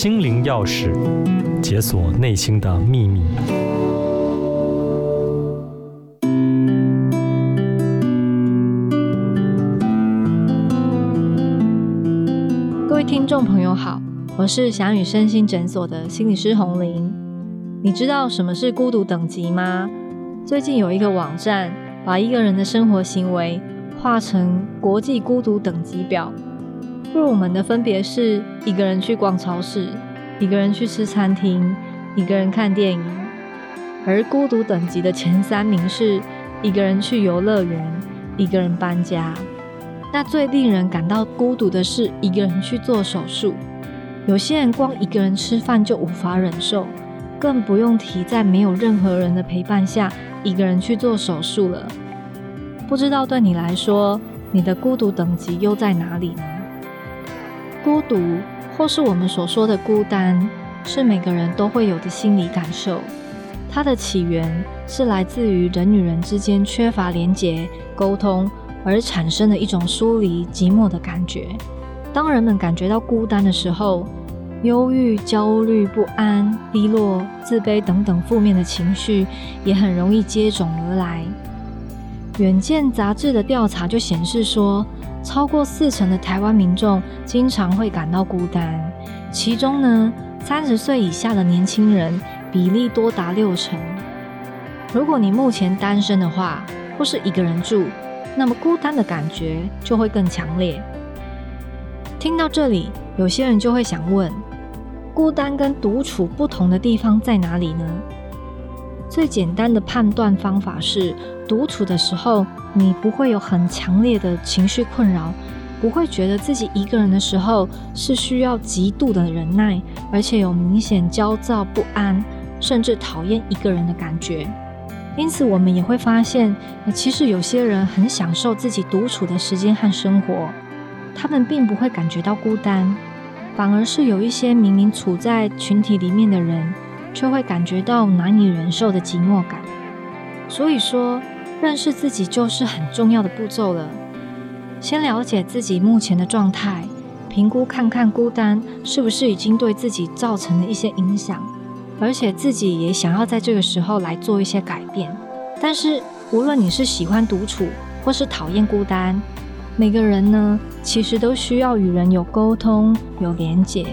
心靈鑰匙，解鎖內心的秘密。各位聽眾朋友好，我是翔宇身心診所的心理師洪玲。你知道什麼是孤獨等級嗎？最近有一個網站把一個人的生活行為畫成國際孤獨等級表。入門的分別是一個人去逛超市，一個人去吃餐廳，一個人看電影。而孤獨等級的前三名是一個人去遊樂園，一個人搬家。那最令人感到孤獨的是一個人去做手術。有些人光一個人吃飯就無法忍受，更不用提在沒有任何人的陪伴下一個人去做手術了。不知道對你來說，你的孤獨等級又在哪裡呢？孤獨，或是我們所說的孤單，是每個人都會有的心理感受。它的起源是來自於人與人之間缺乏連接、溝通而產生的一種疏離、寂寞的感覺。當人們感覺到孤單的時候，憂鬱、焦慮、不安、低落、自卑等等負面的情緒也很容易接踵而來。遠見雜誌的調查就顯示說，超過四成的台灣民眾經常會感到孤單，其中呢，三十歲以下的年輕人比例多達六成。如果你目前單身的話，或是一個人住，那麼孤單的感覺就會更強烈。聽到這裡，有些人就會想問：孤單跟獨處不同的地方在哪裡呢？最簡單的判斷方法是，獨處的時候你不會有很強烈的情緒困擾，不會覺得自己一個人的時候是需要極度的忍耐，而且有明顯焦躁不安，甚至討厭一個人的感覺。因此，我們也會發現，其實有些人很享受自己獨處的時間和生活，他們並不會感覺到孤單，反而是有一些明明處在群體裡面的人。就會感覺到難以忍受的寂寞感，所以說認識自己就是很重要的步驟了。先了解自己目前的狀態，評估看看孤單是不是已經對自己造成了一些影響，而且自己也想要在這個時候來做一些改變。但是無論你是喜歡獨處或是討厭孤單，每個人呢其實都需要與人有溝通、有連結。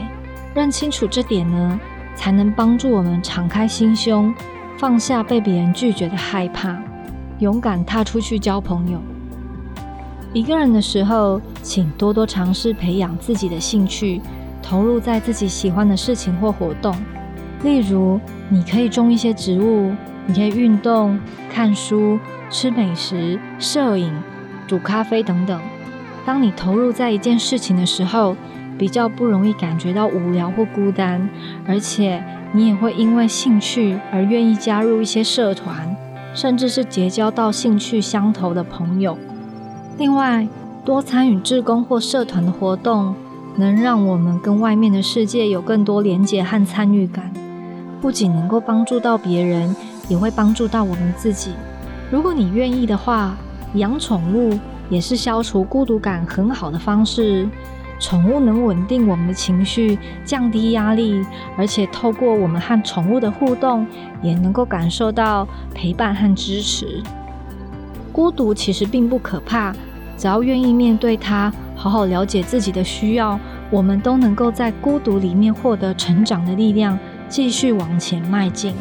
認清楚這點呢。才能幫助我們敞開心胸，放下被別人拒絕的害怕，勇敢踏出去交朋友。一個人的時候，請多多嘗試培養自己的興趣，投入在自己喜歡的事情或活動。例如，你可以種一些植物，你可以運動、看書、吃美食、攝影、煮咖啡等等。當你投入在一件事情的時候，比較不容易感覺到無聊或孤單，而且你也會因為興趣而願意加入一些社團，甚至是結交到興趣相投的朋友。另外，多參與志工或社團的活動，能讓我們跟外面的世界有更多連接和參與感，不僅能夠幫助到別人，也會幫助到我們自己。如果你願意的話，養寵物也是消除孤獨感很好的方式。寵物能穩定我們的情緒，降低壓力，而且透過我們和寵物的互動，也能夠感受到陪伴和支持。孤獨其實並不可怕，只要願意面對它，好好了解自己的需要，我們都能夠在孤獨裡面獲得成長的力量，繼續往前邁進。